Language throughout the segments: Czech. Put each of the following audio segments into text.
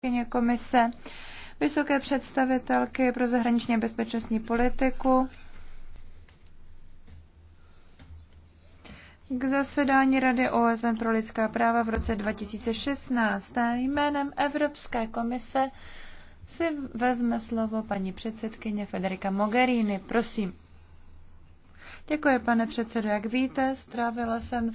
předsedkyně komise, vysoké představitelky pro zahraniční bezpečnostní politiku. K zasedání Rady OSN pro lidská práva v roce 2016 jménem Evropské komise si vezme slovo paní předsedkyně Federika Mogherini. Prosím. Děkuji, pane předsedo. Jak víte, strávila jsem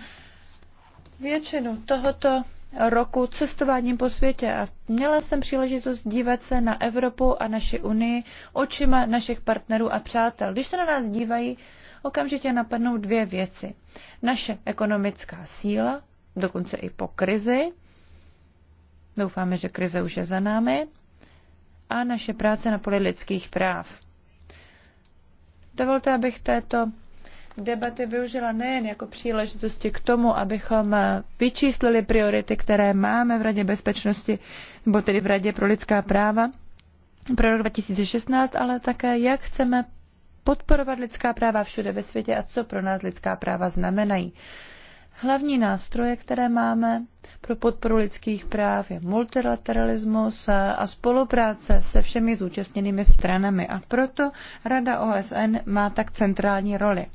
většinu tohoto roku cestováním po světě a měla jsem příležitost dívat se na Evropu a naši Unii očima našich partnerů a přátel. Když se na nás dívají, okamžitě napadnou dvě věci. Naše ekonomická síla, dokonce i po krizi, doufáme, že krize už je za námi, a naše práce na poli lidských práv. Dovolte, abych této debaty využila nejen jako příležitosti k tomu, abychom eh, vyčíslili priority, které máme v Radě bezpečnosti, nebo tedy v Radě pro lidská práva pro rok 2016, ale také jak chceme podporovat lidská práva všude ve světě a co pro nás lidská práva znamenají. Hlavní nástroje, které máme pro podporu lidských práv, je multilateralismus eh, a spolupráce se všemi zúčastněnými stranami. A proto Rada OSN má tak centrální roli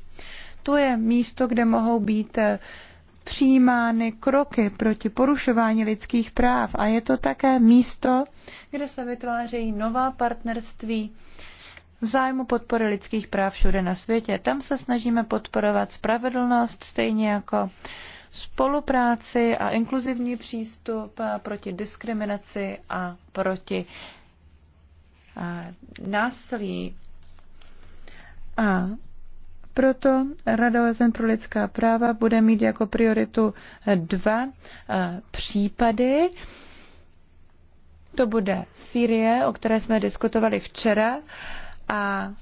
to je místo, kde mohou být eh, přijímány kroky proti porušování lidských práv a je to také místo, kde se vytvářejí nová partnerství v zájmu podpory lidských práv všude na světě. Tam se snažíme podporovat spravedlnost, stejně jako spolupráci a inkluzivní přístup eh, proti diskriminaci a proti eh, násilí. A proto Rada OSN pro lidská práva bude mít jako prioritu eh, dva eh, případy. To bude Sýrie, o které jsme diskutovali včera, a,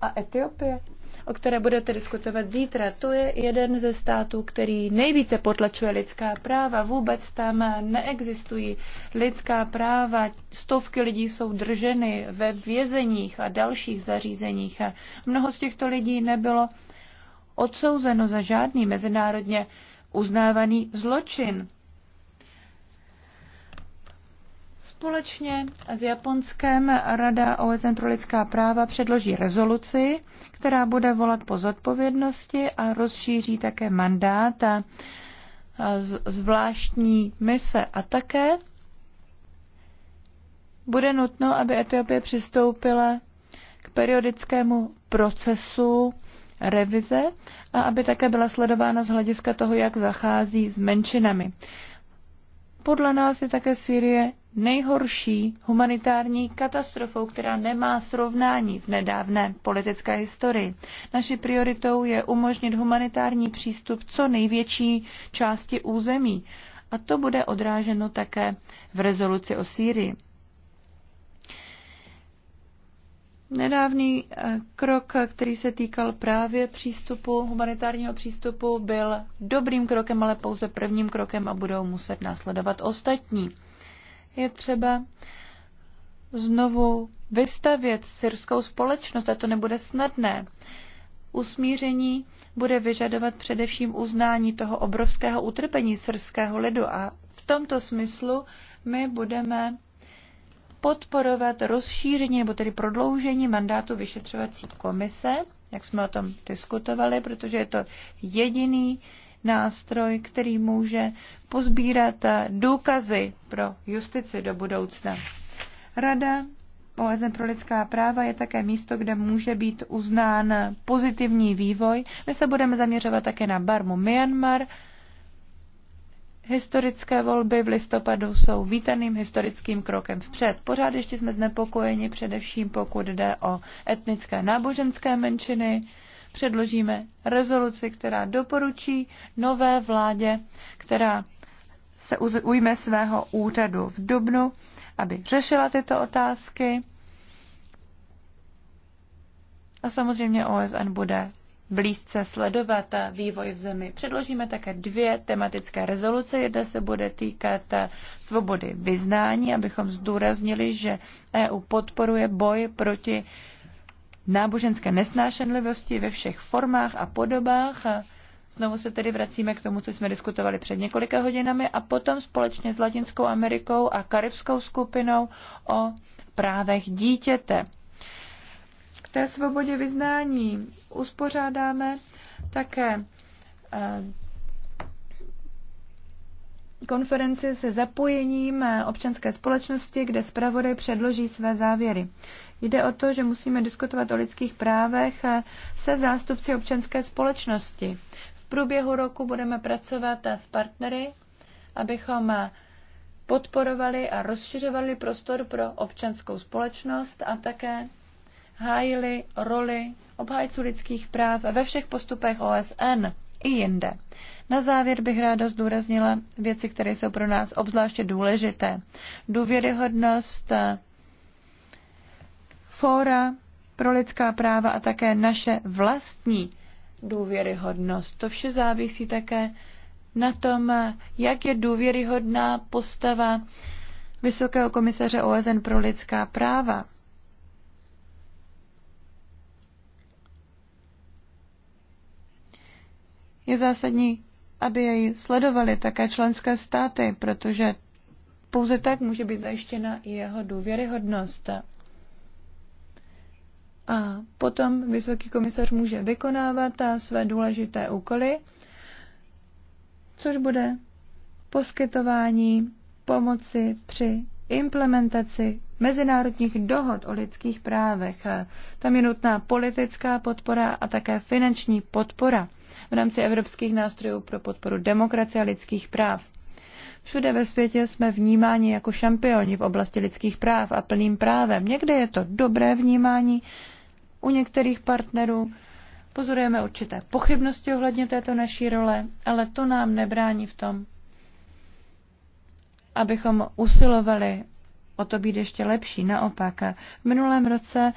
a Etiopie o které budete diskutovat zítra. To je jeden ze států, který nejvíce potlačuje lidská práva. Vůbec tam neexistují lidská práva. Stovky lidí jsou drženy ve vězeních a dalších zařízeních. A mnoho z těchto lidí nebylo odsouzeno za žádný mezinárodně uznávaný zločin. Společně s Japonskem Rada OSN pro lidská práva předloží rezoluci, která bude volat po zodpovědnosti a rozšíří také mandát a zvláštní mise a také bude nutno, aby Etiopie přistoupila k periodickému procesu revize a aby také byla sledována z hlediska toho, jak zachází s menšinami. Podle nás je také Sýrie nejhorší humanitární katastrofou, která nemá srovnání v nedávné politické historii. Naší prioritou je umožnit humanitární přístup co největší části území. A to bude odráženo také v rezoluci o Sýrii. Nedávný eh, krok, který se týkal právě přístupu, humanitárního přístupu, byl dobrým krokem, ale pouze prvním krokem a budou muset následovat ostatní je třeba znovu vystavět syrskou společnost a to nebude snadné. Usmíření bude vyžadovat především uznání toho obrovského utrpení syrského lidu a v tomto smyslu my budeme podporovat rozšíření nebo tedy prodloužení mandátu vyšetřovací komise, jak jsme o tom diskutovali, protože je to jediný nástroj, který může pozbírat důkazy pro justici do budoucna. Rada OSN pro lidská práva je také místo, kde může být uznán pozitivní vývoj. My se budeme zaměřovat také na Barmu Myanmar. Historické volby v listopadu jsou vítaným historickým krokem vpřed. Pořád ještě jsme znepokojeni především, pokud jde o etnické náboženské menšiny, předložíme rezoluci, která doporučí nové vládě, která se ujme svého úřadu v Dubnu, aby řešila tyto otázky. A samozřejmě OSN bude blízce sledovat vývoj v zemi. Předložíme také dvě tematické rezoluce. Jedna se bude týkat svobody vyznání, abychom zdůraznili, že EU podporuje boj proti náboženské nesnášenlivosti ve všech formách a podobách. A znovu se tedy vracíme k tomu, co jsme diskutovali před několika hodinami a potom společně s Latinskou Amerikou a karibskou skupinou o právech dítěte. K té svobodě vyznání uspořádáme také eh, konferenci se zapojením občanské společnosti, kde zpravodaj předloží své závěry. Jde o to, že musíme diskutovat o lidských právech se zástupci občanské společnosti. V průběhu roku budeme pracovat s partnery, abychom podporovali a rozšiřovali prostor pro občanskou společnost a také hájili roli obhájců lidských práv ve všech postupech OSN i jinde. Na závěr bych ráda zdůraznila věci, které jsou pro nás obzvláště důležité. Důvěryhodnost fóra pro lidská práva a také naše vlastní důvěryhodnost. To vše závisí také na tom, jak je důvěryhodná postava Vysokého komisaře OSN pro lidská práva. Je zásadní, aby jej sledovali také členské státy, protože pouze tak může být zajištěna i jeho důvěryhodnost. A potom vysoký komisař může vykonávat eh, své důležité úkoly, což bude poskytování pomoci při implementaci mezinárodních dohod o lidských právech. Eh, Tam je nutná politická podpora a také finanční podpora v rámci evropských nástrojů pro podporu demokracie a lidských práv. Všude ve světě jsme vnímáni jako šampioni v oblasti lidských práv a plným právem. Někdy je to dobré vnímání, u některých partnerů. Pozorujeme určité pochybnosti ohledně této naší role, ale to nám nebrání v tom, abychom usilovali o to být ještě lepší. Naopak, v minulém roce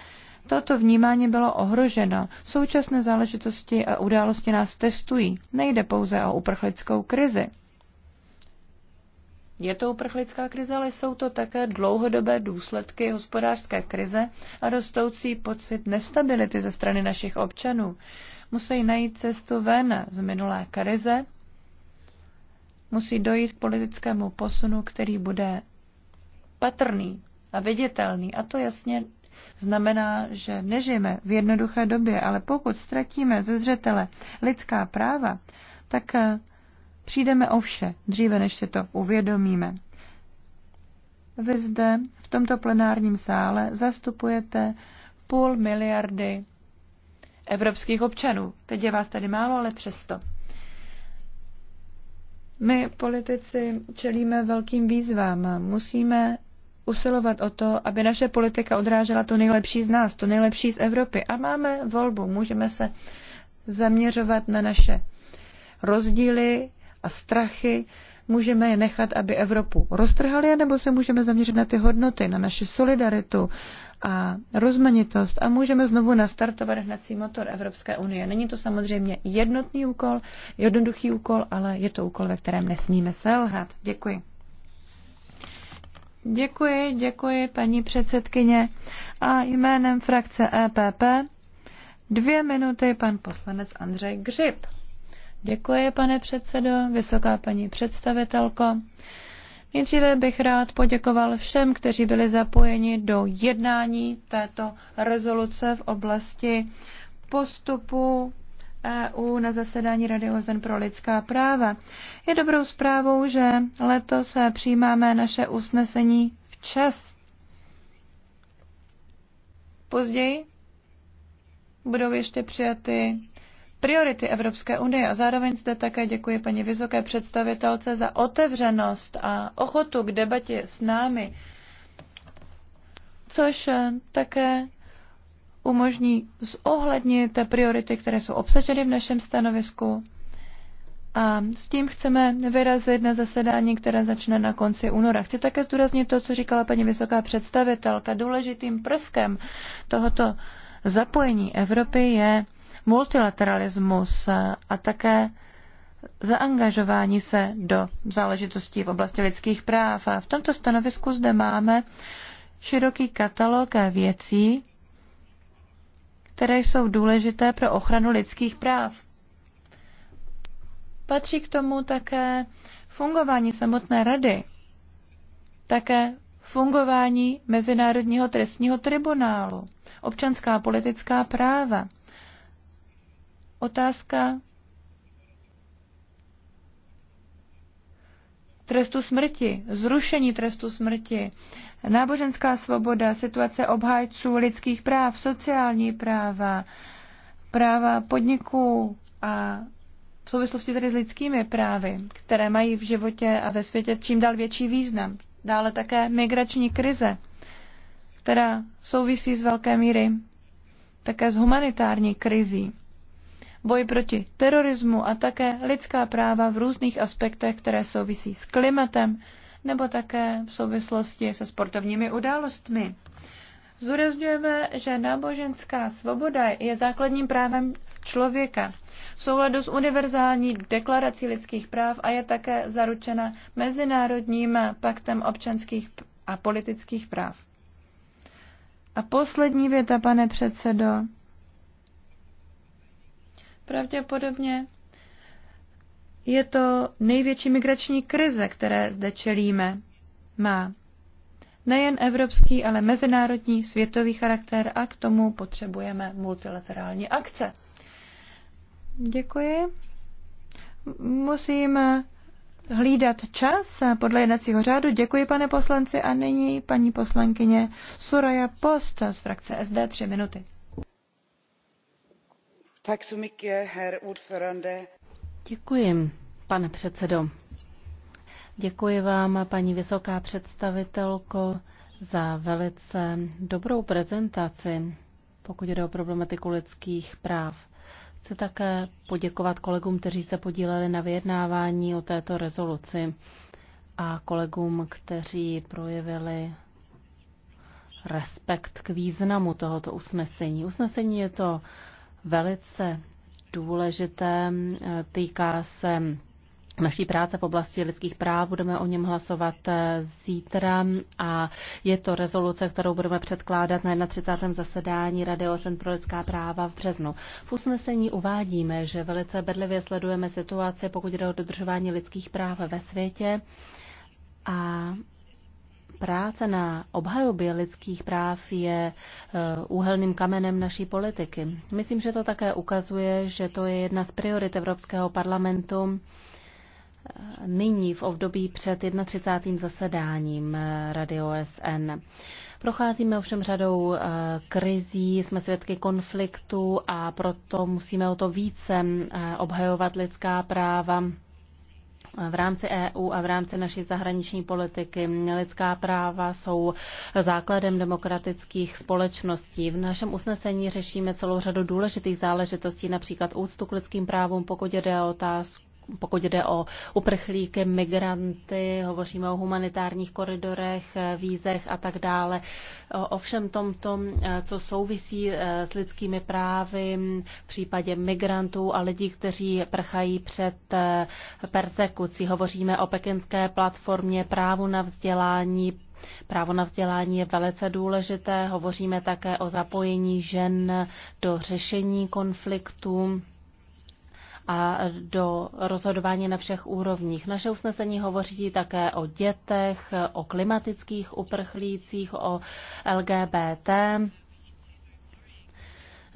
toto vnímání bylo ohroženo. Současné záležitosti a události nás testují. Nejde pouze o uprchlickou krizi. Je to uprchlická krize, ale jsou to také dlouhodobé důsledky hospodářské krize a rostoucí pocit nestability ze strany našich občanů. Musí najít cestu ven z minulé krize, musí dojít k politickému posunu, který bude patrný a viditelný. A to jasně znamená, že nežijeme v jednoduché době, ale pokud ztratíme ze zřetele lidská práva, tak Přijdeme o vše, dříve než si to uvědomíme. Vy zde, v tomto plenárním sále, zastupujete půl miliardy evropských občanů. Teď je vás tady málo, ale přesto. My, politici, čelíme velkým výzvám. Musíme usilovat o to, aby naše politika odrážela to nejlepší z nás, to nejlepší z Evropy. A máme volbu, můžeme se zaměřovat na naše rozdíly a strachy, můžeme je nechat, aby Evropu roztrhali, nebo se můžeme zaměřit na ty hodnoty, na naši solidaritu a rozmanitost a můžeme znovu nastartovat hnací motor Evropské unie. Není to samozřejmě jednotný úkol, jednoduchý úkol, ale je to úkol, ve kterém nesmíme selhat. Děkuji. Děkuji, děkuji paní předsedkyně a jménem frakce EPP dvě minuty pan poslanec Andřej Gřib. Děkuji, pane předsedo, vysoká paní představitelko. Nejdříve bych rád poděkoval všem, kteří byli zapojeni do jednání této rezoluce v oblasti postupu EU na zasedání Rady OZN pro lidská práva. Je dobrou zprávou, že letos přijímáme naše usnesení včas. Později budou ještě přijaty priority Evropské unie a zároveň zde také děkuji paní vysoké představitelce za otevřenost a ochotu k debatě s námi, což eh, také umožní zohlednit priority, které jsou obsaženy v našem stanovisku. A s tím chceme vyrazit na zasedání, které začne na konci února. Chci také zdůraznit to, co říkala paní vysoká představitelka. Důležitým prvkem tohoto zapojení Evropy je multilateralismus a také zaangažování se do záležitostí v oblasti lidských práv. A v tomto stanovisku zde máme široký katalog věcí, které jsou důležité pro ochranu lidských práv. Patří k tomu také fungování samotné rady, také fungování Mezinárodního trestního tribunálu, občanská politická práva, otázka trestu smrti, zrušení trestu smrti, náboženská svoboda, situace obhájců lidských práv, sociální práva, práva podniků a v souvislosti tedy s lidskými právy, které mají v životě a ve světě čím dál větší význam. Dále také migrační krize, která souvisí z velké míry také s humanitární krizí boj proti terorismu a také lidská práva v různých aspektech, které souvisí s klimatem nebo také v souvislosti se sportovními událostmi. Zdůrazňujeme, že náboženská svoboda je základním právem člověka v souladu s univerzální deklarací lidských práv a je také zaručena Mezinárodním paktem občanských a politických práv. A poslední věta, pane předsedo, Pravděpodobně je to největší migrační krize, které zde čelíme. Má nejen evropský, ale mezinárodní světový charakter a k tomu potřebujeme multilaterální akce. Děkuji. Musím hlídat čas podle jednacího řádu. Děkuji, pane poslanci, a nyní paní poslankyně Suraja Post z frakce SD 3 minuty. Děkuji, pane předsedo. Děkuji vám, paní vysoká představitelko, za velice dobrou prezentaci, pokud jde o problematiku lidských práv. Chci také poděkovat kolegům, kteří se podíleli na vyjednávání o této rezoluci a kolegům, kteří projevili respekt k významu tohoto usnesení. Usnesení je to velice důležité. Týká se naší práce v oblasti lidských práv. Budeme o něm hlasovat eh, zítra a je to rezoluce, kterou budeme předkládat na 31. zasedání Rady OSN pro lidská práva v březnu. V usnesení uvádíme, že velice bedlivě sledujeme situaci, pokud jde o dodržování lidských práv ve světě a práce na obhajobě lidských práv je e, úhelným kamenem naší politiky. Myslím, že to také ukazuje, že to je jedna z priorit Evropského parlamentu e, nyní v období před 31. zasedáním e, Rady OSN. Procházíme ovšem řadou krizí, jsme svědky konfliktu a proto musíme o to více obhajovat lidská práva v rámci EU a v rámci naší zahraniční politiky. Lidská práva jsou základem demokratických společností. V našem usnesení řešíme celou řadu důležitých záležitostí, například úctu k lidským právům, pokud jde o otázku pokud jde o uprchlíky, migranty, hovoříme o humanitárních koridorech, vízech a tak dále. O všem tomto, eh, co souvisí eh, s lidskými právy v případě migrantů a lidí, kteří prchají před eh, persekucí. Hovoříme o pekinské platformě právu na vzdělání, Právo na vzdělání je velice důležité. Hovoříme také o zapojení žen do řešení konfliktů a do rozhodování na všech úrovních. Naše usnesení hovoří také o dětech, o klimatických uprchlících, o LGBT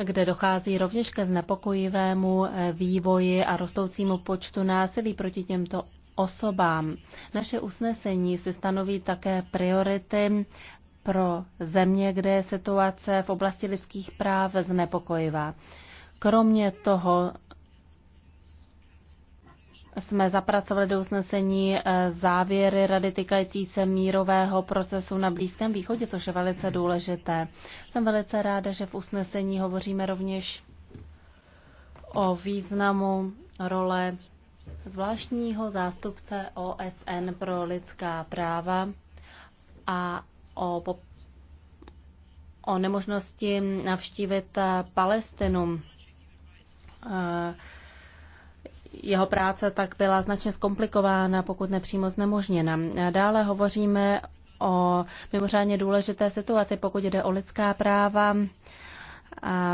kde dochází rovněž ke znepokojivému vývoji a rostoucímu počtu násilí proti těmto osobám. Naše usnesení si stanoví také priority pro země, kde je situace v oblasti lidských práv znepokojivá. Kromě toho jsme zapracovali do usnesení eh, závěry rady týkající se mírového procesu na Blízkém východě, což je velice důležité. Jsem velice ráda, že v usnesení hovoříme rovněž o významu role zvláštního zástupce OSN pro lidská práva a o, o nemožnosti navštívit eh, Palestinu. Eh, jeho práce tak byla značně zkomplikována, pokud nepřímo znemožněna. Dále hovoříme o mimořádně důležité situaci, pokud jde o lidská práva,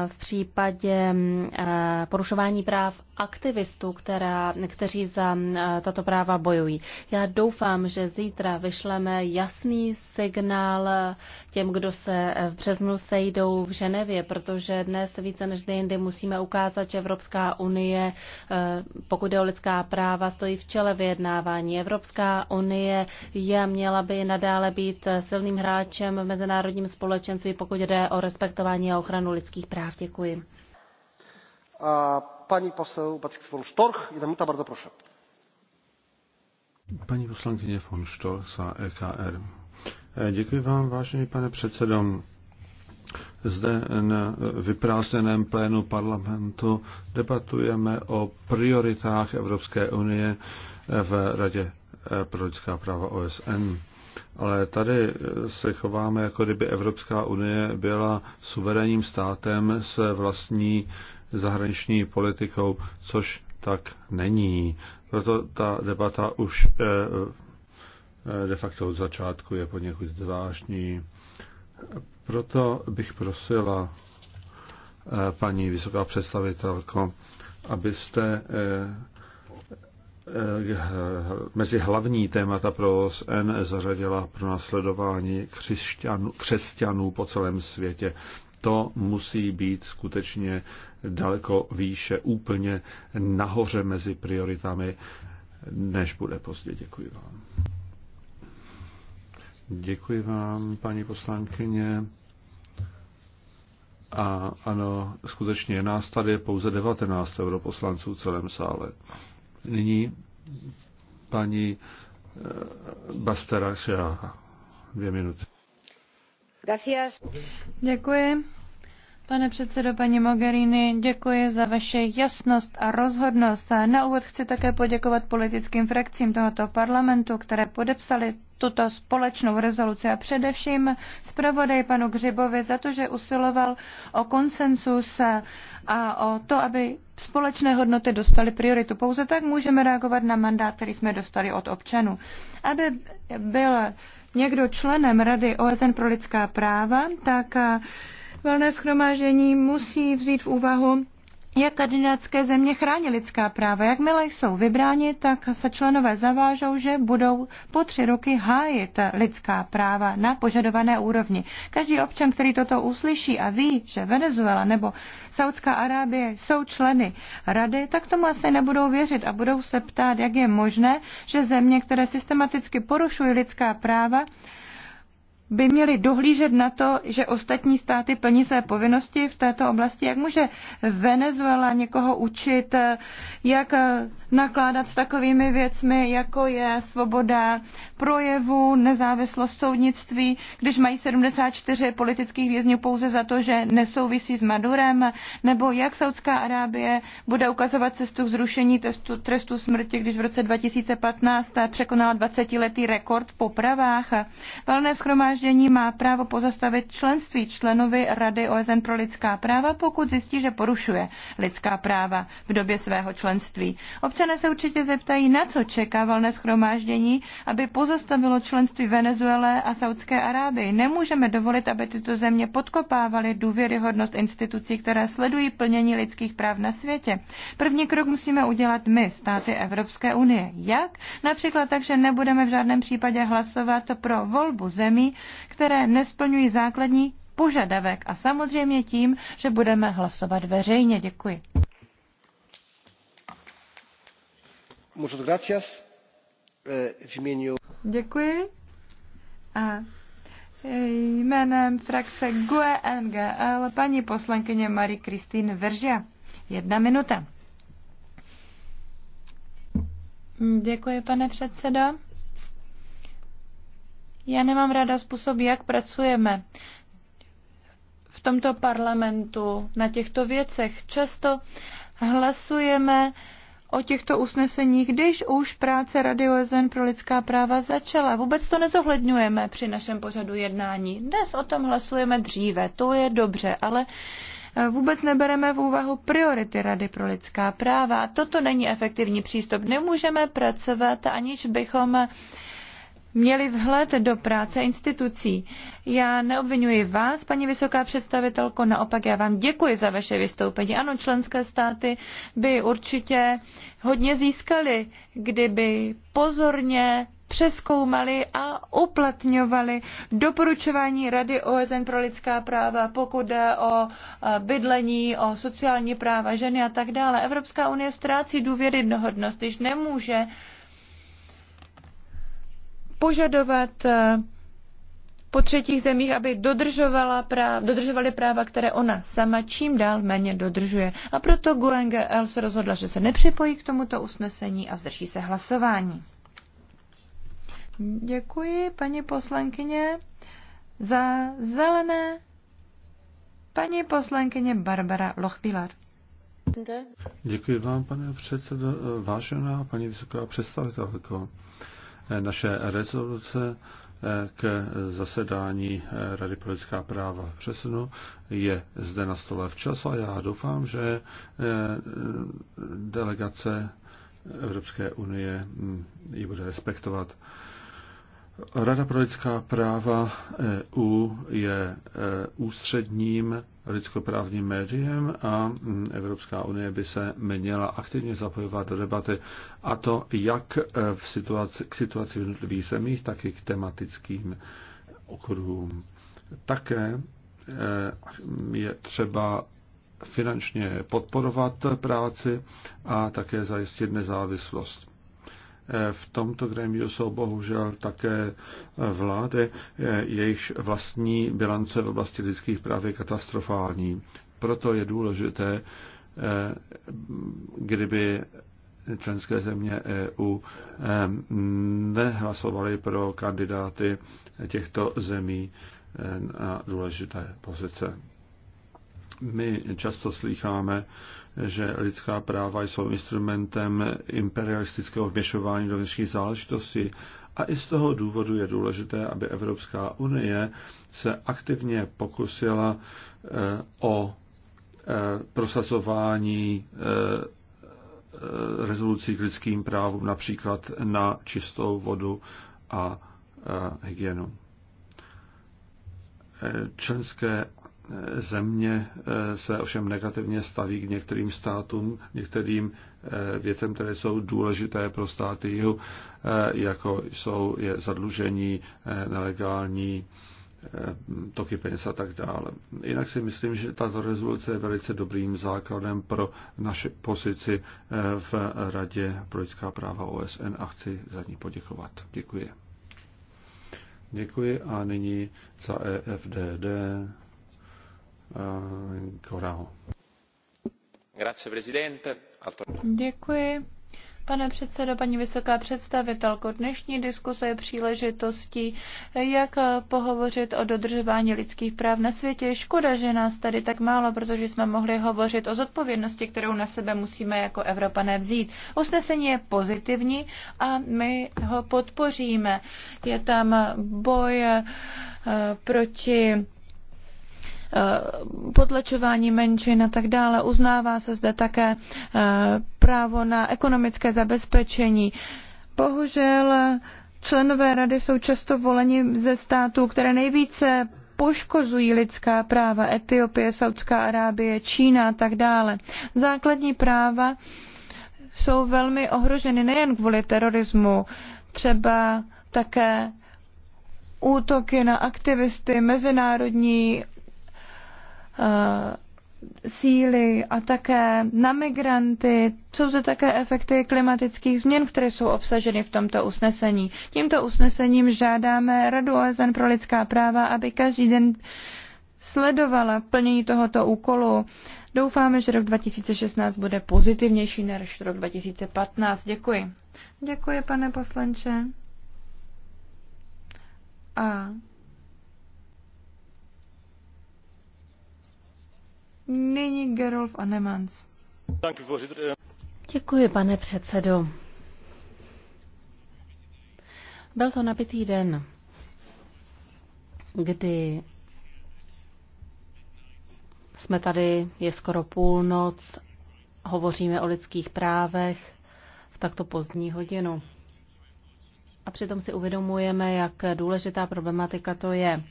v případě mm, eh, porušování práv aktivistů, která, kteří za eh, tato práva bojují. Já doufám, že zítra vyšleme jasný signál eh, těm, kdo se v březnu sejdou v Ženevě, protože dnes více než jindy musíme ukázat, že Evropská unie, pokud je o lidská práva, stojí v čele vyjednávání. Evropská unie je měla by nadále být silným hráčem v mezinárodním společenství, pokud jde o respektování a ochranu lidských lidských práv. Děkuji. A paní posel Patrik von Storch, minuta, bardzo proszę. Paní poslankyně von Storch za EKR. E, děkuji vám, vážený pane předsedo zde na vyprázdněném plénu parlamentu debatujeme o prioritách Evropské unie v Radě e, pro lidská práva OSN. Ale tady eh, se chováme, jako kdyby Evropská unie byla suverénním státem s vlastní zahraniční politikou, což tak není. Proto ta debata už eh, eh, de facto od začátku je poněkud zvláštní. Proto bych prosila paní vysoká představitelko, abyste mezi hlavní témata pro OSN zařadila pro nasledování křesťanů, křesťanů po celém světě. To musí být skutečně daleko výše, úplně nahoře mezi prioritami, než bude pozdě. Děkuji vám. Děkuji vám, paní poslankyně. A ano, skutečně je nás tady pouze 19 europoslanců v celém sále. Nyní paní eh, Bastarašeá. Dvě minuty. Děkuji. Pane předsedo, paní Mogherini, děkuji za vaše jasnost a rozhodnost. A na úvod chci také poděkovat politickým frakcím tohoto parlamentu, které podepsali tuto společnou rezoluci a především zpravodaj panu Gřibovi za to, že usiloval o konsensus a o to, aby společné hodnoty dostaly prioritu. Pouze tak můžeme reagovat na mandát, který jsme dostali od občanů. Aby byl někdo členem Rady OSN pro lidská práva, tak Valné schromáždění musí vzít v úvahu, jak kandidátské země chrání lidská práva. Jakmile jsou vybráni, tak se členové zavážou, že budou po tři roky hájit lidská práva na požadované úrovni. Každý občan, který toto uslyší a ví, že Venezuela nebo Saudská Arábie jsou členy rady, tak tomu asi nebudou věřit a budou se ptát, jak je možné, že země, které systematicky porušují lidská práva, by měly dohlížet na to, že ostatní státy plní své povinnosti v této oblasti. Jak může Venezuela někoho učit, jak nakládat s takovými věcmi, jako je svoboda projevu, nezávislost soudnictví, když mají 74 politických vězňů pouze za to, že nesouvisí s Madurem, nebo jak Saudská Arábie bude ukazovat cestu k zrušení testu, trestu smrti, když v roce 2015 překonala 20-letý rekord v popravách. Valné schromáž shromáždění má právo pozastavit členství členovi Rady OSN pro lidská práva, pokud zjistí, že porušuje lidská práva v době svého členství. Občané se určitě zeptají, na co čeká valné schromáždění, aby pozastavilo členství Venezuele a Saudské Arábii. Nemůžeme dovolit, aby tyto země podkopávaly důvěryhodnost institucí, které sledují plnění lidských práv na světě. První krok musíme udělat my, státy Evropské unie. Jak? Například tak, že nebudeme v žádném případě hlasovat pro volbu zemí, které nesplňují základní požadavek a samozřejmě tím, že budeme hlasovat veřejně. Děkuji. Eh, Děkuji. A jménem frakce GUE NGL paní poslankyně Marie Kristýn Veržia. Jedna minuta. Děkuji, pane předsedo. Já nemám ráda způsob, jak pracujeme v tomto parlamentu na těchto věcech. Často hlasujeme o těchto usneseních, když už práce Rady OSN pro lidská práva začala. Vůbec to nezohledňujeme při našem pořadu jednání. Dnes o tom hlasujeme dříve, to je dobře, ale eh, vůbec nebereme v úvahu priority Rady pro lidská práva. Toto není efektivní přístup. Nemůžeme pracovat, aniž bychom eh, měli vhled do práce institucí. Já neobvinuji vás, paní vysoká představitelko, naopak já vám děkuji za vaše vystoupení. Ano, členské státy by určitě hodně získali, kdyby pozorně přeskoumali a uplatňovali doporučování Rady OSN pro lidská práva, pokud jde o eh, bydlení, o sociální práva ženy a tak dále. Evropská unie ztrácí důvěryhodnost, když nemůže požadovat eh, po třetích zemích, aby dodržovala práv, dodržovali práva, které ona sama čím dál méně dodržuje. A proto GUNGL se rozhodla, že se nepřipojí k tomuto usnesení a zdrží se hlasování. Děkuji, paní poslankyně, za zelené. Paní poslankyně Barbara Lochpilar. Děkuji vám, pane předsedo, vážená paní vysoká představitelko naše rezoluce eh, k zasedání eh, Rady pro lidská práva v přesunu je zde na stole včas a já doufám, že eh, delegace Evropské unie hm, ji bude respektovat. Rada pro lidská práva EU je ústředním lidskoprávním médiem a Evropská unie by se měla aktivně zapojovat do debaty a to jak v situaci, k situaci v jednotlivých zemích, tak i k tematickým okruhům. Také eh, je třeba finančně podporovat práci a také zajistit nezávislost v tomto gremiu jsou bohužel také vlády, jejichž vlastní bilance v oblasti lidských práv je katastrofální. Proto je důležité, kdyby členské země EU nehlasovaly pro kandidáty těchto zemí na důležité pozice. My často slycháme že lidská práva jsou instrumentem imperialistického vměšování do vnitřních záležitostí a i z toho důvodu je důležité, aby Evropská unie se aktivně pokusila eh, o eh, prosazování eh, rezolucí k lidským právům, například na čistou vodu a hygienu. Členské země eh, se ovšem negativně staví k některým státům, některým eh, věcem, které jsou důležité pro státy jihu, eh, jako jsou je zadlužení, nelegální toky peněz a tak dále. Jinak si myslím, že tato rezoluce je velice dobrým základem pro naše pozici v Radě pro lidská práva OSN a chci za ní poděkovat. Děkuji. Děkuji a nyní za EFDD Eh, Děkuji. Pane předsedo, paní vysoká představitelko, dnešní diskuse je příležitostí, jak pohovořit o dodržování lidských práv na světě. Škoda, že nás tady tak málo, protože jsme mohli hovořit o zodpovědnosti, kterou na sebe musíme jako Evropané vzít. Usnesení je pozitivní a my ho podpoříme. Je tam boj eh, proti Eh, potlačování menšin a tak dále. Uznává se zde také eh, právo na ekonomické zabezpečení. Bohužel členové rady jsou často voleni ze států, které nejvíce poškozují lidská práva Etiopie, Saudská Arábie, Čína a tak dále. Základní práva jsou velmi ohroženy nejen kvůli terorismu, třeba také útoky na aktivisty, mezinárodní Eh, síly a také na migranty. Jsou zde také efekty klimatických změn, které jsou obsaženy v tomto usnesení. Tímto usnesením žádáme Radu OSN pro lidská práva, aby každý den sledovala plnění tohoto úkolu. Doufáme, že rok 2016 bude pozitivnější než rok 2015. Děkuji. Děkuji, pane poslanče. A Nyní Gerolf Anemans. Děkuji, pane předsedo. Byl to napitý den, kdy jsme tady, je skoro půlnoc, hovoříme o lidských právech v takto pozdní hodinu. A přitom si uvědomujeme, jak důležitá problematika to je.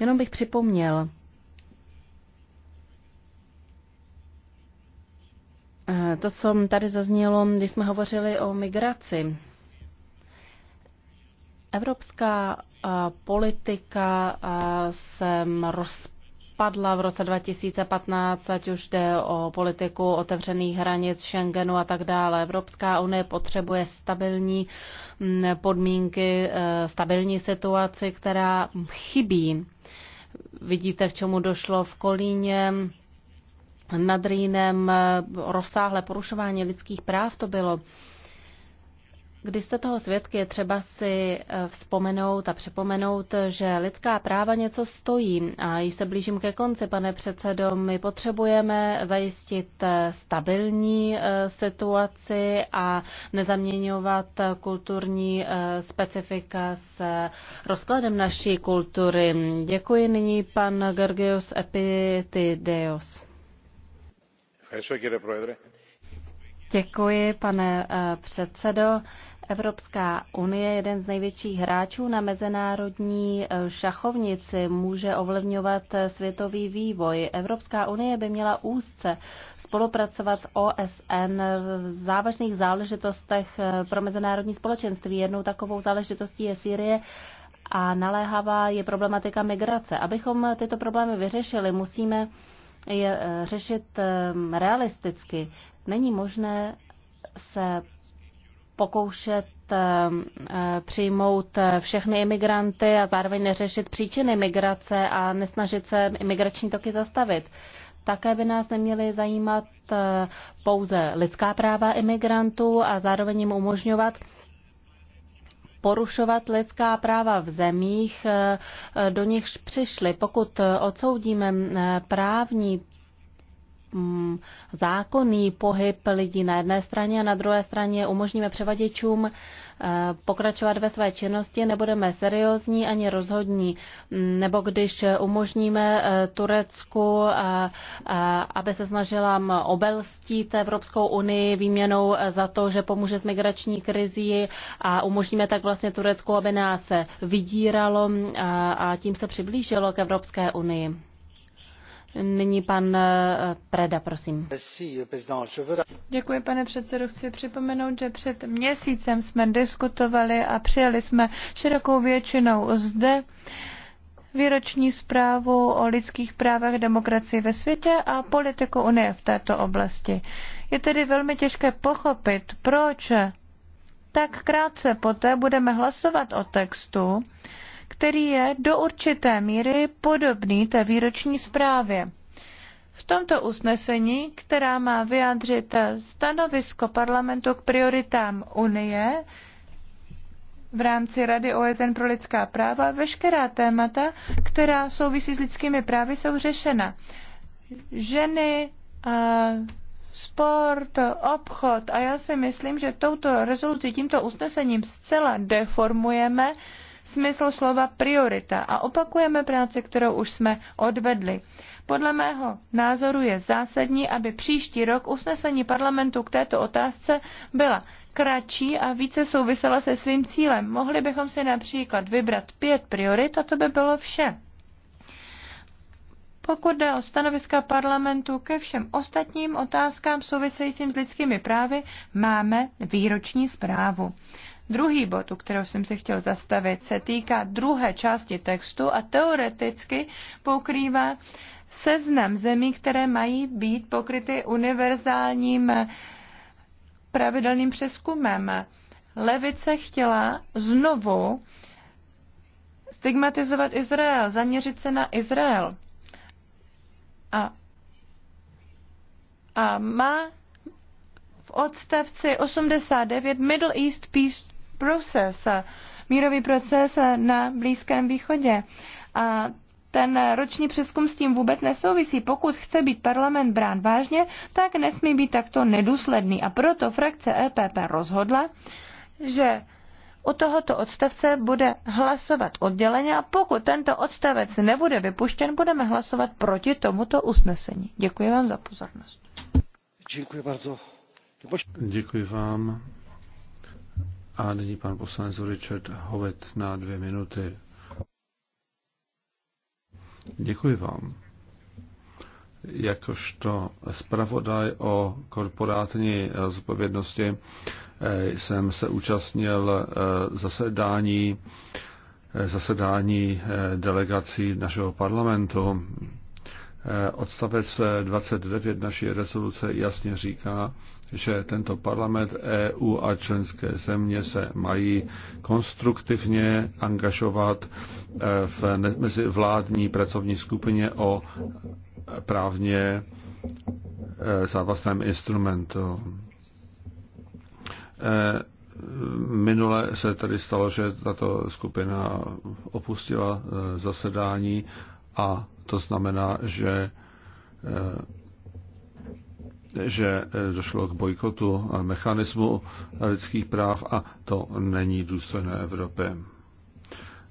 Jenom bych připomněl, Eh, to, co tady zaznělo, když jsme hovořili o migraci. Evropská eh, politika eh, se rozpadla v roce 2015, ať už jde o politiku otevřených hranic Schengenu a tak dále. Evropská unie potřebuje stabilní mm, podmínky, stabilní situaci, která chybí. Vidíte, v čemu došlo v Kolíně, nad Rýnem, rozsáhlé porušování lidských práv to bylo. Když jste toho svědky, je třeba si eh, vzpomenout a připomenout, že lidská práva něco stojí. A již se blížím ke konci, pane předsedo, my potřebujeme zajistit eh, stabilní eh, situaci a nezaměňovat kulturní specifika s rozkladem naší kultury. Děkuji nyní pan Georgios Epitideos. Děkuji, pane eh, předsedo. Evropská unie, jeden z největších hráčů na mezinárodní eh, šachovnici, může ovlivňovat eh, světový vývoj. Evropská unie by měla úzce spolupracovat s OSN v závažných záležitostech pro mezinárodní společenství. Jednou takovou záležitostí je Sýrie a naléhavá je problematika migrace. Abychom tyto problémy vyřešili, musíme je eh, řešit eh, realisticky. Není možné se pokoušet eh, přijmout všechny imigranty a zároveň neřešit příčiny migrace a nesnažit se imigrační toky zastavit. Také by nás neměly zajímat pouze lidská práva imigrantů a zároveň jim umožňovat porušovat lidská práva v zemích, eh, do nichž přišli. Pokud odsoudíme mm, eh, právní Mm, zákonný pohyb lidí na jedné straně a na druhé straně umožníme převaděčům eh, pokračovat ve své činnosti, nebudeme seriózní ani rozhodní. Mm, nebo když umožníme eh, Turecku, aby se snažila mm, obelstít Evropskou unii výměnou eh, za to, že pomůže s migrační krizí a umožníme tak vlastně Turecku, aby nás vydíralo a tím se přiblížilo k Evropské unii. Nyní pan eh, Preda, prosím. Děkuji, pane předsedo. Chci připomenout, že před měsícem jsme diskutovali a přijali jsme širokou většinou zde výroční zprávu o lidských právech demokracii ve světě a politiku Unie v této oblasti. Je tedy velmi těžké pochopit, proč tak krátce poté budeme hlasovat o textu, který je do určité míry podobný té výroční zprávě. V tomto usnesení, která má vyjádřit stanovisko parlamentu k prioritám Unie v rámci Rady OSN pro lidská práva, veškerá témata, která souvisí s lidskými právy, jsou řešena. Ženy, sport, obchod a já si myslím, že touto rezolucí, tímto usnesením zcela deformujeme smysl slova priorita a opakujeme práci, kterou už jsme odvedli. Podle mého názoru je zásadní, aby příští rok usnesení parlamentu k této otázce byla kratší a více souvisela se svým cílem. Mohli bychom si například vybrat pět priorit a to by bylo vše. Pokud jde o stanoviska parlamentu ke všem ostatním otázkám souvisejícím s lidskými právy, máme výroční zprávu. Druhý bod, u kterého jsem se chtěl zastavit, se týká druhé části textu a teoreticky pokrývá seznam zemí, které mají být pokryty univerzálním pravidelným přeskumem. Levice chtěla znovu stigmatizovat Izrael, zaměřit se na Izrael. A, a má v odstavci 89 Middle East Peace proces, mírový proces na Blízkém východě. A ten roční přeskum s tím vůbec nesouvisí. Pokud chce být parlament brán vážně, tak nesmí být takto nedůsledný. A proto frakce EPP rozhodla, že u tohoto odstavce bude hlasovat odděleně a pokud tento odstavec nebude vypuštěn, budeme hlasovat proti tomuto usnesení. Děkuji vám za pozornost. Děkuji bardzo. Děkuji vám. A nyní pan poslanec Richard Hovet na dvě minuty. Děkuji vám. Jakožto zpravodaj o korporátní zodpovědnosti eh, jsem se účastnil eh, zasedání, eh, zasedání delegací našeho parlamentu Eh, odstavec 29 naší rezoluce jasně říká, že tento parlament EU a členské země se mají konstruktivně angažovat eh, v mezivládní pracovní skupině o právně eh, závazném instrumentu. Minule se tady stalo, že tato skupina opustila zasedání a to znamená, že eh, že eh, došlo k bojkotu mechanismu lidských práv a to není důstojné Evropy.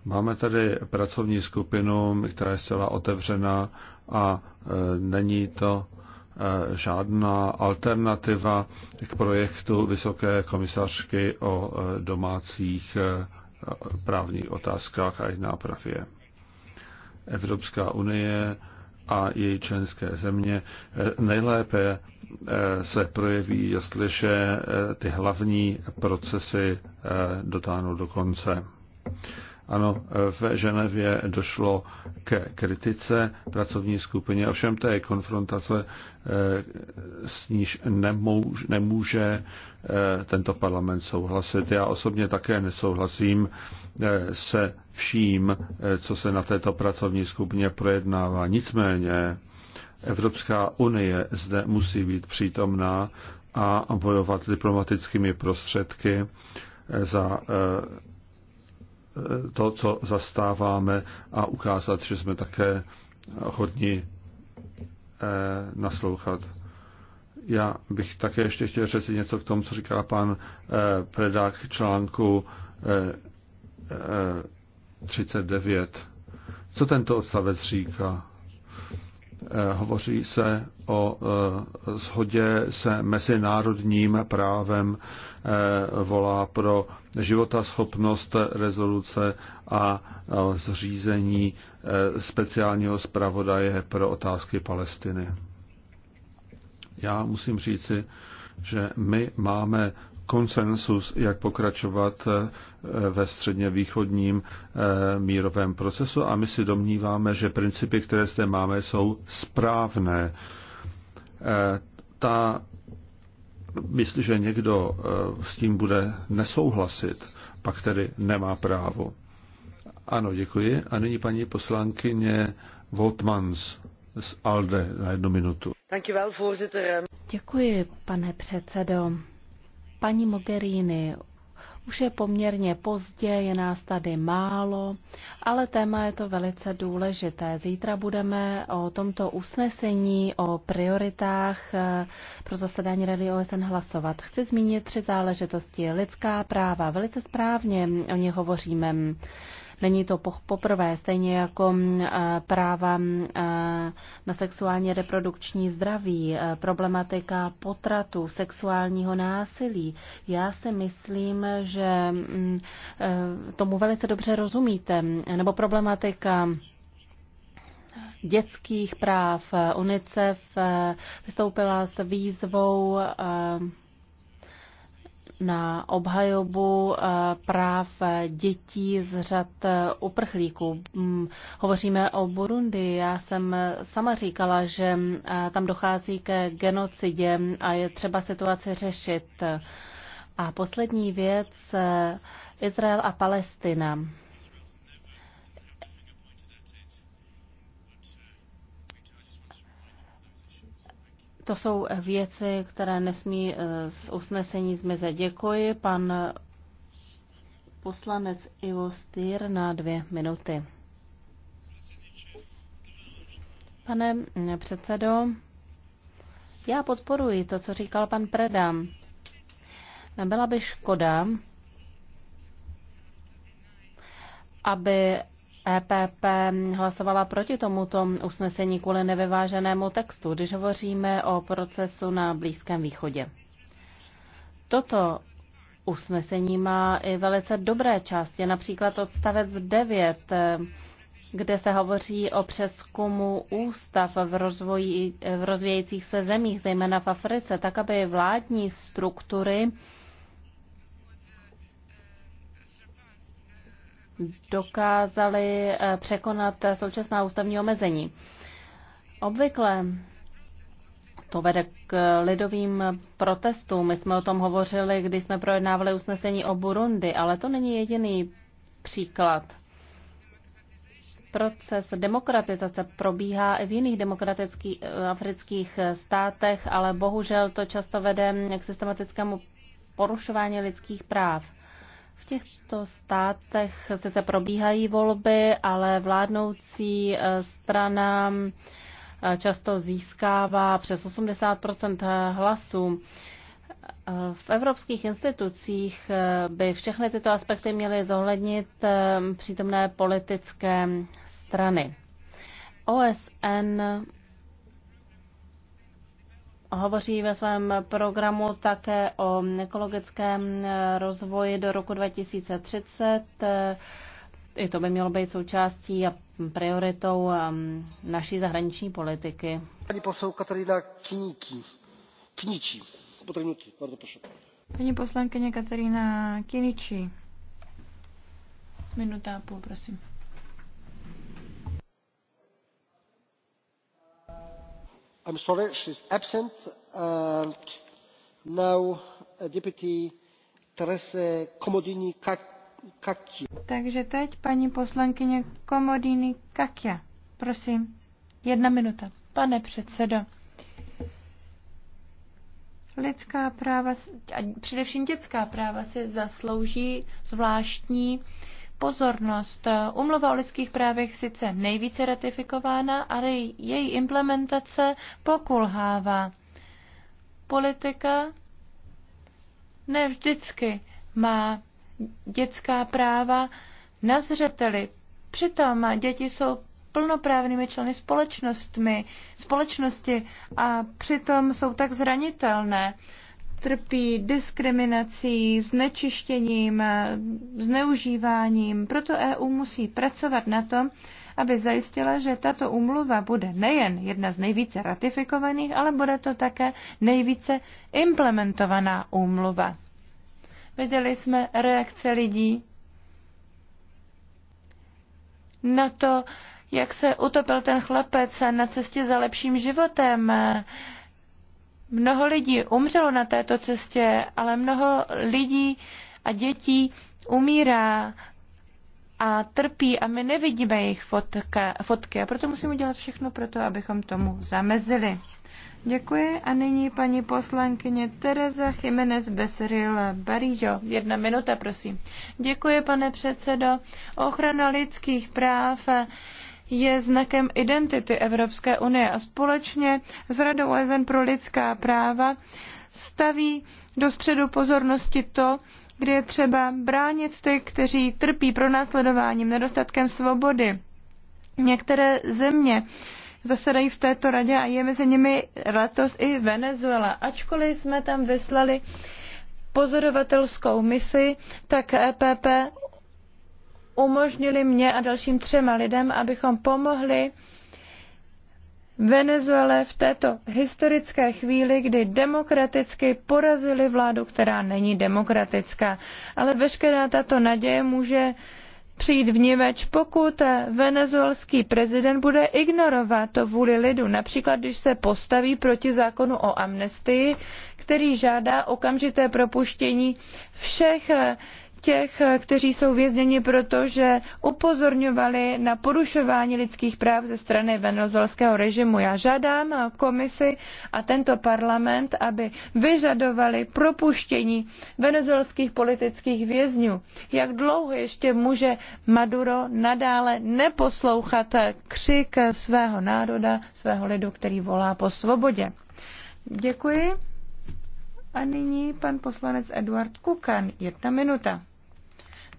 Máme tady pracovní skupinu, která je zcela otevřená a eh, není to žádná alternativa k projektu Vysoké komisařky o domácích právních otázkách a jedná pravě. Evropská unie a její členské země nejlépe eh, se projeví, jestliže eh, ty hlavní procesy eh, dotáhnou do konce. Ano, v Ženevě došlo ke kritice pracovní skupině, ovšem té konfrontace eh, s níž nemůže, nemůže eh, tento parlament souhlasit. Já osobně také nesouhlasím eh, se vším, co se na této pracovní skupině projednává. Nicméně Evropská unie zde musí být přítomná a bojovat diplomatickými prostředky za to, co zastáváme a ukázat, že jsme také hodni eh, naslouchat. Já bych také ještě chtěl říct něco k tomu, co říká pan eh, Predák článku 39. Eh, co tento odstavec říká? Eh, hovoří se o eh, shodě se mezinárodním právem, eh, volá pro životaschopnost rezoluce a zřízení speciálního zpravodaje pro otázky Palestiny. Já musím říci, že my máme konsensus, jak pokračovat eh, ve středně východním eh, mírovém procesu a my si domníváme, že principy, které zde máme, jsou správné. Eh, ta, jestliže někdo s tím bude nesouhlasit, pak tedy nemá právo. Ano, děkuji. A nyní paní poslankyně Voltmans z ALDE na jednu minutu. Děkuji, pane předsedo. Paní Mogherini, už je poměrně pozdě, je nás tady málo, ale téma je to velice důležité. Zítra budeme o tomto usnesení o prioritách eh, pro zasedání Rady OSN hlasovat. Chci zmínit tři záležitosti. Lidská práva, velice správně o ně hovoříme. Není to poprvé, stejně jako mm, eh, práva mm, eh, na sexuálně reprodukční zdraví, eh, problematika potratu, sexuálního násilí. Já si myslím, že mm, tomu velice dobře rozumíte, nebo problematika dětských práv. UNICEF vystoupila s výzvou na obhajobu eh, práv dětí z řad eh, uprchlíků. Mm, hovoříme o Burundi. Já jsem sama říkala, že eh, tam dochází ke genocidě a je třeba situaci řešit. A poslední věc, Izrael a Palestina. To jsou věci, které nesmí eh, z usnesení zmizet. Děkuji. Pan poslanec Ivo Styr na dvě minuty. Pane mm, předsedo, já podporuji to, co říkal pan Preda. Byla by škoda, aby EPP hlasovala proti tomuto usnesení kvůli nevyváženému textu, když hovoříme o procesu na Blízkém východě. Toto usnesení má i velice dobré části, například odstavec 9, kde se hovoří o přeskumu ústav v, rozvoji, v rozvějících se zemích, zejména v Africe, tak aby vládní struktury dokázali eh, překonat současná ústavní omezení. Obvykle to vede k lidovým protestům. My jsme o tom hovořili, když jsme projednávali usnesení o Burundi, ale to není jediný příklad. Proces demokratizace probíhá i v jiných demokratických eh, afrických státech, ale bohužel to často vede k systematickému porušování lidských práv. V těchto státech sice probíhají volby, ale vládnoucí eh, strana eh, často získává přes 80 hlasů. Eh, v evropských institucích by všechny tyto aspekty měly zohlednit přítomné politické strany. OSN Hovoří ve svém programu také o ekologickém rozvoji do roku 2030. I to by mělo být součástí a prioritou um, naší zahraniční politiky. Pani posel Katarína Kiníky. Kničí. Paní poslankyně Katarína Kiničí. Minuta a půl, prosím. Uh, takže teď paní poslankyně komodini katia prosím jedna minuta pane předsedo lidská práva a především dětská práva si zaslouží zvláštní pozornost. Umluva o lidských právech sice nejvíce ratifikována, ale její implementace pokulhává. Politika ne vždycky má dětská práva na zřeteli. Přitom děti jsou plnoprávnými členy společnostmi, společnosti a přitom jsou tak zranitelné trpí diskriminací, znečištěním, zneužíváním. Proto EU musí pracovat na tom, aby zajistila, že tato úmluva bude nejen jedna z nejvíce ratifikovaných, ale bude to také nejvíce implementovaná úmluva. Viděli jsme reakce lidí na to, jak se utopil ten chlapec na cestě za lepším životem Mnoho lidí umřelo na této cestě, ale mnoho lidí a dětí umírá a trpí a my nevidíme jejich fotka, fotky a proto musíme udělat všechno pro to, abychom tomu zamezili. Děkuji a nyní paní poslankyně Teresa Jiménez Beseril Barížo. Jedna minuta, prosím. Děkuji, pane předsedo. Ochrana lidských práv je znakem identity Evropské unie a společně s Radou OSN pro lidská práva staví do středu pozornosti to, kde je třeba bránit ty, kteří trpí pronásledováním, nedostatkem svobody. Některé země zasedají v této radě a je mezi nimi letos i Venezuela. Ačkoliv jsme tam vyslali pozorovatelskou misi, tak EPP umožnili mě a dalším třema lidem, abychom pomohli Venezuele v této historické chvíli, kdy demokraticky porazili vládu, která není demokratická. Ale veškerá tato naděje může přijít v Němeč, pokud venezuelský prezident bude ignorovat to vůli lidu, například když se postaví proti zákonu o amnestii, který žádá okamžité propuštění všech těch, eh, kteří jsou vězněni proto, že upozorňovali na porušování lidských práv ze strany venezuelského režimu. Já žádám eh, komisi a tento parlament, aby vyžadovali propuštění venezuelských politických vězňů. Jak dlouho ještě může Maduro nadále neposlouchat eh, křik svého národa, svého lidu, který volá po svobodě? Děkuji. A nyní pan poslanec Eduard Kukan. Jedna minuta.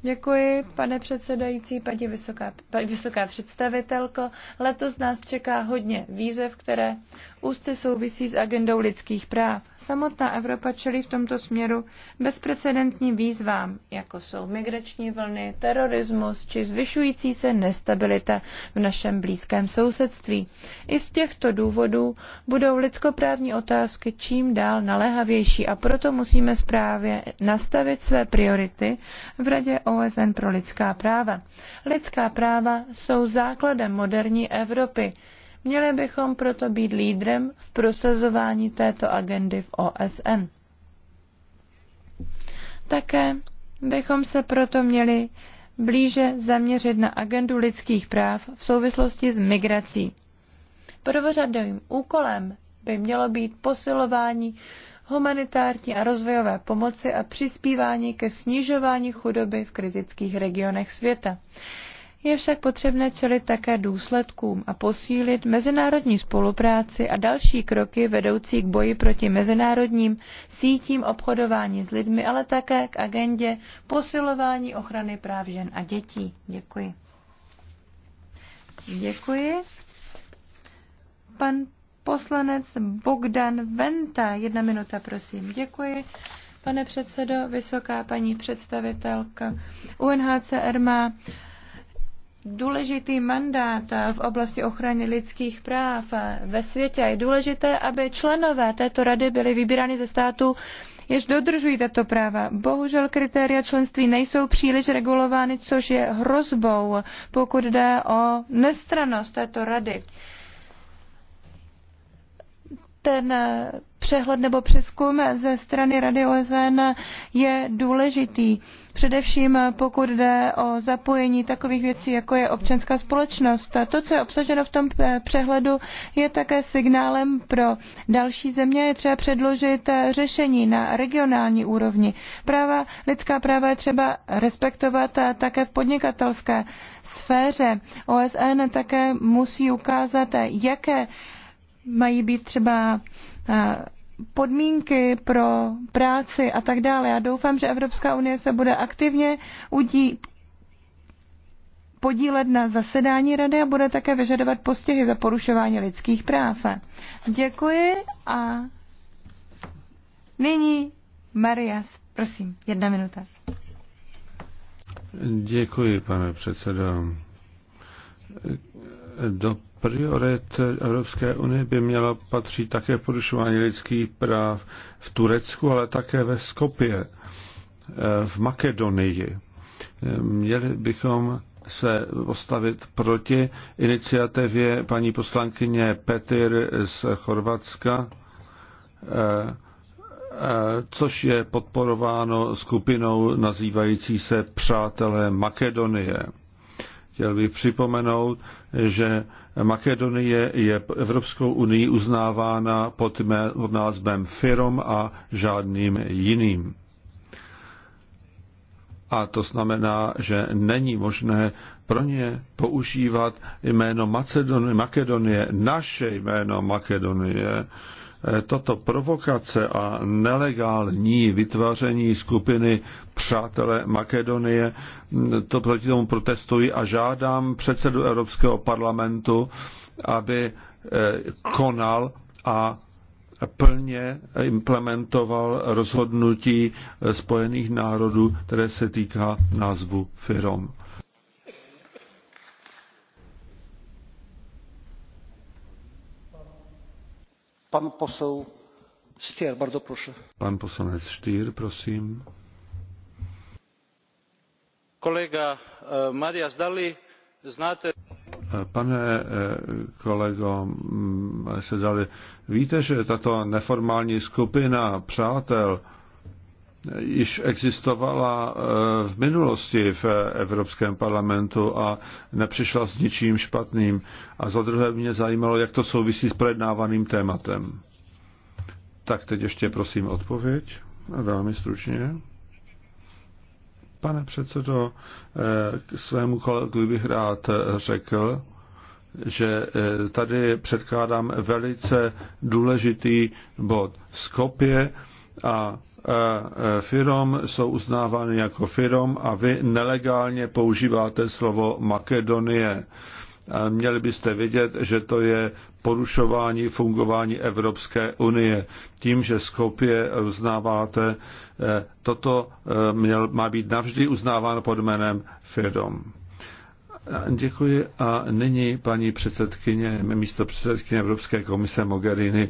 Děkuji, pane předsedající, paní vysoká, paní vysoká představitelko. Letos nás čeká hodně výzev, které úzce souvisí s agendou lidských práv. Samotná Evropa čelí v tomto směru bezprecedentním výzvám, jako jsou migrační vlny, terorismus či zvyšující se nestabilita v našem blízkém sousedství. I z těchto důvodů budou lidskoprávní otázky čím dál naléhavější a proto musíme správně nastavit své priority v Radě o OSN pro lidská práva. Lidská práva jsou základem moderní Evropy. Měli bychom proto být lídrem v prosazování této agendy v OSN. Také bychom se proto měli blíže zaměřit na agendu lidských práv v souvislosti s migrací. Prvořadovým úkolem by mělo být posilování humanitární a rozvojové pomoci a přispívání ke snižování chudoby v kritických regionech světa. Je však potřebné čelit také důsledkům a posílit mezinárodní spolupráci a další kroky vedoucí k boji proti mezinárodním sítím obchodování s lidmi, ale také k agendě posilování ochrany práv žen a dětí. Děkuji. Děkuji. Pan poslanec Bogdan Venta. Jedna minuta, prosím. Děkuji. Pane předsedo, vysoká paní představitelka UNHCR má důležitý mandát v oblasti ochrany lidských práv ve světě. Je důležité, aby členové této rady byli vybírány ze států, jež dodržují tato práva. Bohužel kritéria členství nejsou příliš regulovány, což je hrozbou, pokud jde o nestranost této rady ten eh, přehled nebo přeskum ze strany Rady OSN je důležitý. Především eh, pokud jde o zapojení takových věcí, jako je občanská společnost. A to, co je obsaženo v tom eh, přehledu, je také signálem pro další země. Je třeba předložit řešení na regionální úrovni. Práva, lidská práva je třeba respektovat také v podnikatelské sféře. OSN také musí ukázat, jaké mají být třeba eh, podmínky pro práci a tak dále. Já doufám, že Evropská unie se bude aktivně udí, podílet na zasedání rady a bude také vyžadovat postihy za porušování lidských práv. Děkuji a nyní Marias, prosím, jedna minuta. Děkuji, pane předsedo. Do priorit Evropské unie by měla patřit také porušování lidských práv v Turecku, ale také ve Skopě, eh, v Makedonii. Měli bychom se postavit proti iniciativě paní poslankyně Petir z Chorvatska, eh, eh, což je podporováno skupinou nazývající se Přátelé Makedonie. Chtěl bych připomenout, že Makedonie je Evropskou unii uznávána pod, mé, pod názvem FIROM a žádným jiným. A to znamená, že není možné pro ně používat jméno Macedonie, Makedonie, naše jméno Makedonie, tato provokace a nelegální vytváření skupiny Přátelé Makedonie, to proti tomu protestuji a žádám předsedu Evropského parlamentu, aby eh, konal a plně implementoval rozhodnutí Spojených národů, které se týká názvu FIROM. Pan posel Stier, bardzo proszę. Pan poslanec Stier, prosím. Kolega e, Marias, dali znáte... E, Pane e, kolego Sedali, víte, že tato neformální skupina přátel již existovala eh, v minulosti v Evropském parlamentu a nepřišla s ničím špatným. A za druhé mě zajímalo, jak to souvisí s projednávaným tématem. Tak teď ještě prosím odpověď, velmi stručně. Pane předsedo, eh, k svému kolegovi bych rád řekl, že eh, tady předkládám velice důležitý bod. Skopje a firom jsou uznávány jako firom a vy nelegálně používáte slovo Makedonie. Měli byste vědět, že to je porušování fungování Evropské unie. Tím, že Skopje uznáváte, e, toto e, měl, má být navždy uznáváno pod jménem Firom. Děkuji a nyní paní předsedkyně, místo předsedkyně Evropské komise Mogherini.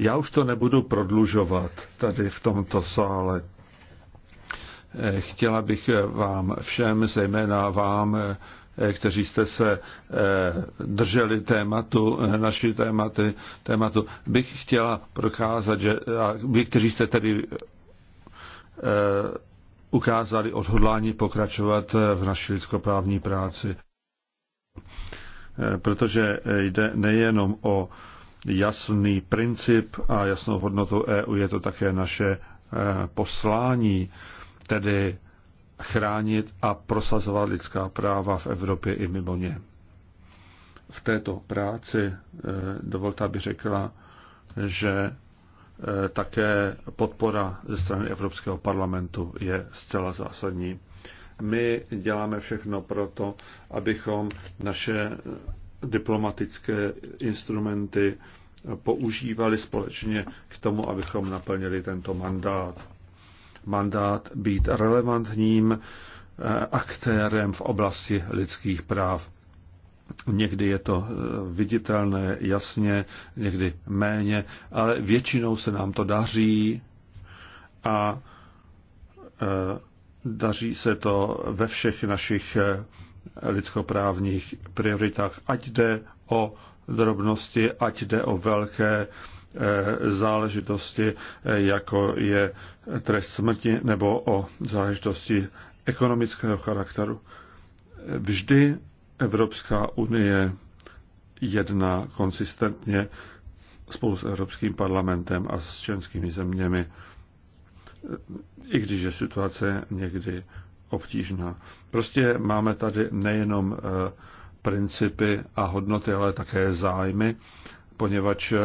Já už to nebudu prodlužovat tady v tomto sále. Eh, chtěla bych vám všem, zejména vám, eh, kteří jste se eh, drželi tématu, naši tématy, tématu, bych chtěla prokázat, že vy, kteří jste tedy ukázali odhodlání pokračovat v naší lidskoprávní práci. Protože jde nejenom o jasný princip a jasnou hodnotu EU je to také naše eh, poslání, tedy chránit a prosazovat lidská práva v Evropě i mimo ně. V této práci eh, dovolte, aby řekla, že eh, také podpora ze strany Evropského parlamentu je zcela zásadní. My děláme všechno proto, abychom naše diplomatické instrumenty používali společně k tomu, abychom naplnili tento mandát. Mandát být relevantním eh, aktérem v oblasti lidských práv. Někdy je to eh, viditelné, jasně, někdy méně, ale většinou se nám to daří a eh, daří se to ve všech našich lidskoprávních prioritách, ať jde o drobnosti, ať jde o velké eh, záležitosti, eh, jako je trest smrti nebo o záležitosti ekonomického charakteru. Vždy Evropská unie jedná konsistentně spolu s Evropským parlamentem a s členskými zeměmi, i když je situace někdy obtížná. Prostě máme tady nejenom eh, principy a hodnoty, ale také zájmy, poněvadž eh,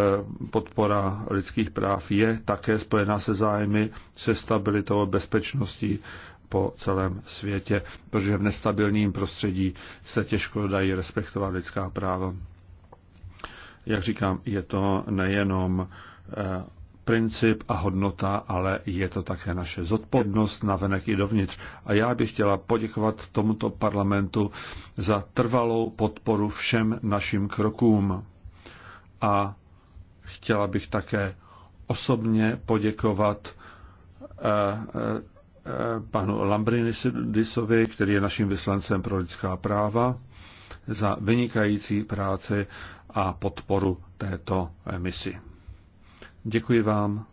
podpora lidských práv je také spojená se zájmy, se stabilitou a bezpečností po celém světě, protože v nestabilním prostředí se těžko dají respektovat lidská práva. Jak říkám, je to nejenom eh, princip a hodnota, ale je to také naše zodpovědnost na venek i dovnitř. A já bych chtěla poděkovat tomuto parlamentu za trvalou podporu všem našim krokům. A chtěla bych také osobně poděkovat eh, eh, panu Lambrinisovi, který je naším vyslancem pro lidská práva, za vynikající práci a podporu této misi. Děkuji vám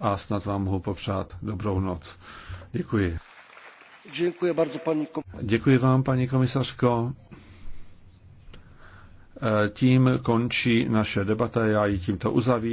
a snad vám mohu popřát dobrou noc. Děkuji. Děkuji, bardzo, paní Děkuji vám, paní komisařko. Eh, tím končí naše debata, já ji tímto uzavím.